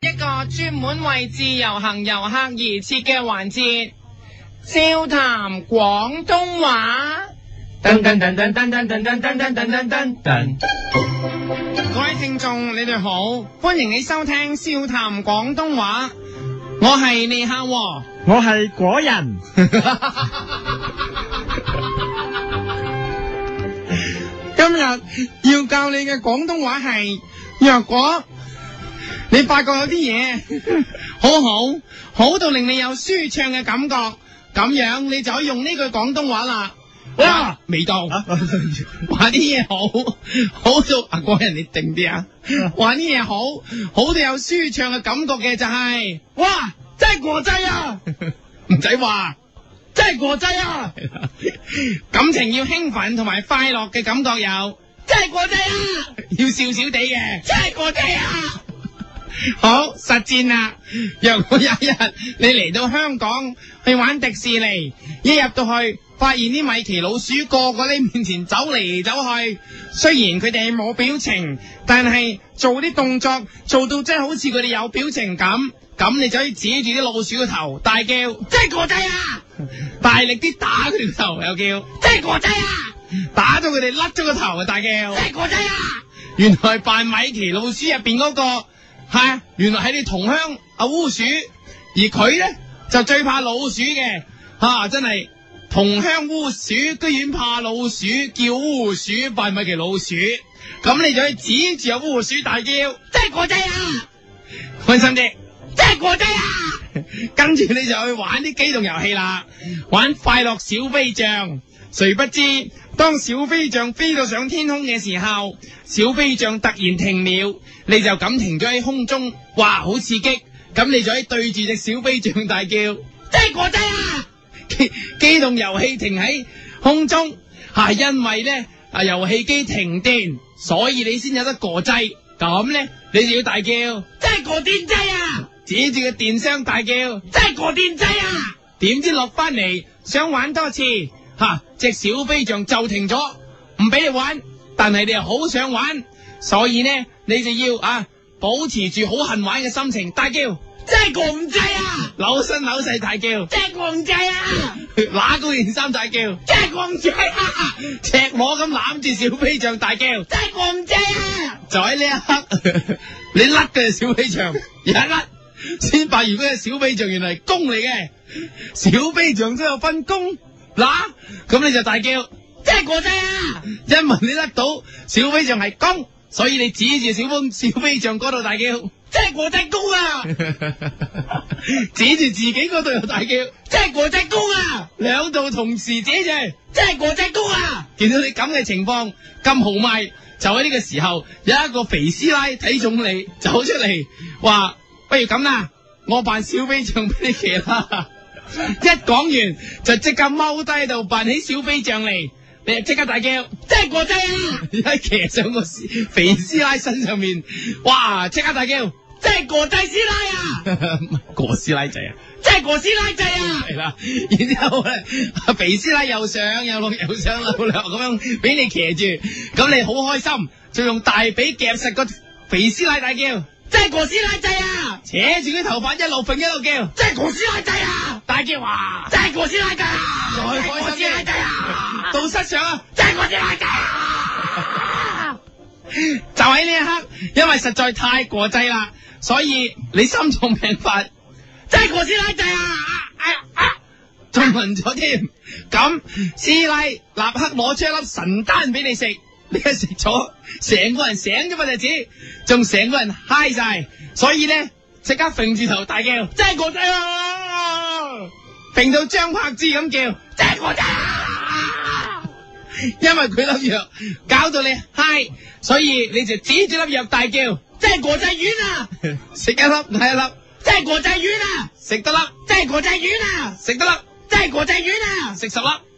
一個專門為自由行遊客而設嘅環節，笑談廣東話。噔噔噔噔噔噔噔噔噔噔噔噔。各位聽眾，你哋好，歡迎你收聽笑談廣東話。我係李克，我係果仁。 今日要教你嘅廣東話係，若果。你發覺有啲嘢好，好好到令你有舒暢嘅感覺，咁樣你就可以用呢句廣東話啦。哇，味道哇，話啲嘢好，好到阿光人你定啲啊，話啲嘢好，好到有舒暢嘅感覺嘅就係、是，哇，真係國際啊！唔使話，真係國際啊！感情要興奮同埋快樂嘅感覺有，真係國際啊！要笑笑哋嘅，真係國際啊！好實戰啦！若果有一日你嚟到香港去玩迪士尼，一入到去發現啲米奇老鼠個個喺面前走嚟走去，雖然佢哋冇表情，但係做啲動作做到真係好似佢哋有表情咁。咁你就可以指住啲老鼠個頭大叫：真係國仔啊！大力啲打佢條頭又叫：真係國仔啊！打到佢哋甩咗個頭啊！大叫：真係國仔啊！原來扮米奇老鼠入邊嗰個。係、啊，原來係你同鄉阿烏鼠，而佢咧就最怕老鼠嘅，吓、啊、真係同鄉烏鼠居然怕老鼠，叫烏鼠扮米奇老鼠，咁你就去指住阿烏鼠大叫，真係過劑啊！開心啲，真係過劑啊！跟 住你就去玩啲機動遊戲啦，玩快樂小飛象。誰不知當小飛象飛到上天空嘅時候，小飛象突然停了，你就咁停咗喺空中，哇，好刺激！咁你就可以對住隻小飛象大叫，真係過掣啊！機動遊戲停喺空中，係、啊、因為咧啊遊戲機停電，所以你先有得過掣。咁咧，你就要大叫，真係過電掣啊！指住個電箱大叫，真係過電掣啊！點知落翻嚟想玩多次，吓、啊？隻小飛象就停咗，唔俾你玩，但係你又好想玩，所以呢，你就要啊保持住好恨玩嘅心情，大叫真係過唔制啊！扭身扭勢大叫真係過唔制啊！揦高件衫大叫真係過唔制啊！赤裸咁攬住小飛象大叫真係過唔制啊！就喺呢一刻， 你甩嘅小飛象而一甩，先發現嗰隻小飛象原嚟係公嚟嘅，小飛象都 有分工。嗱，咁、啊、你就大叫，即係國仔啊！一聞你得到小飛象係公，所以你指住小，小飛小飛象嗰度大叫，即係國仔公啊！ 指住自己嗰度又大叫，即係國仔公啊！兩度同時指住，即係國仔公啊！見到你咁嘅情況咁豪邁，就喺呢個時候有一個肥師奶睇中你， 走出嚟話：不如咁啦，我扮小飛象俾你騎啦！一講完就即刻踎低度扮起小飛象嚟，你即刻大叫，即係過仔啊！而家騎上個肥師奶身上面，哇！即刻大叫，即係過仔師奶啊！過 師奶仔啊！即係過師奶仔啊！係啦，然之後咧，肥師奶又上又落又上又落咁樣俾你騎住，咁你好開心，就用大髀夾實個肥師奶，大叫。真係哥斯拉仔啊！扯住啲頭髮一路揈一路叫，真係哥斯拉仔啊！大叫話，真係哥斯拉架！哥斯拉仔啊！到失常啊！真係哥斯拉仔啊！就喺呢一刻，因為實在太過劑啦，所以你心臟病發。真係哥斯拉仔啊！哎啊！仲暈咗添，咁師奶立刻攞出一粒神丹俾你食。你一食咗，成個人醒咗咪就子，仲成個人嗨晒，所以咧即刻揈住頭大叫，真係國仔啊！平到張柏芝咁叫，真係國仔啊！因為佢粒藥搞到你嗨，所以你就指住粒藥大叫，真係國仔丸啊！食 一粒，睇一粒，真係國仔丸啊！食得粒，真係國仔丸啊！食得粒，真係國仔丸啊！食十粒。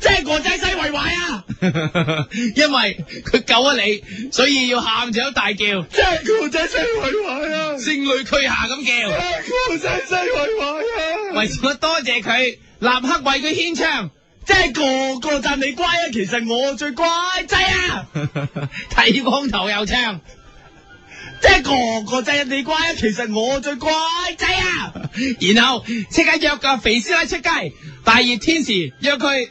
即係個仔西為壞啊！因為佢救咗你，所以要喊住都大叫。即係個仔西為壞啊！聲淚俱下咁叫。即係個仔西為壞啊！為咗多謝佢，立刻為佢獻唱。即係個個讚你乖，其實我最乖仔啊！剃光頭又唱。即係個個讚你乖，其實我最乖仔啊！然後即刻約個肥師奶出街。大熱天時約佢。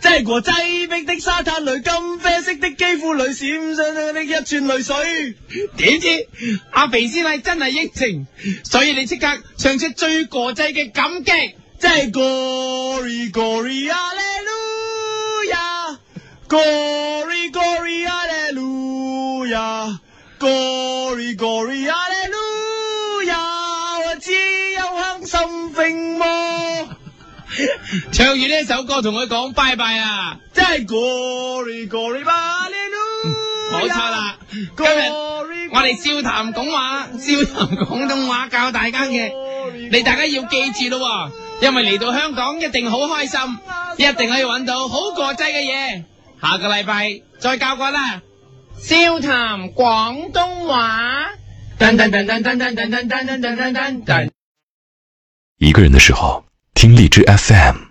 即係和擠迫的沙灘裏，金啡色的肌膚裏閃上的一串淚水。點知阿肥師奶真係疫情，所以你即刻唱出最國際嘅感激。即係 Glory Glory Hallelujah Glory Glory Hallelujah Glory Glory 啊。唱完呢首歌，同佢講拜拜啊！真係 Gory g 冇錯啦。今日我哋笑談廣東話，笑談廣東話教大家嘅，你大家要記住咯，因為嚟到香港一定好開心，一定可以揾到好國際嘅嘢。下個禮拜再教過啦，笑談廣東話。一個人嘅時候。聽荔枝 FM。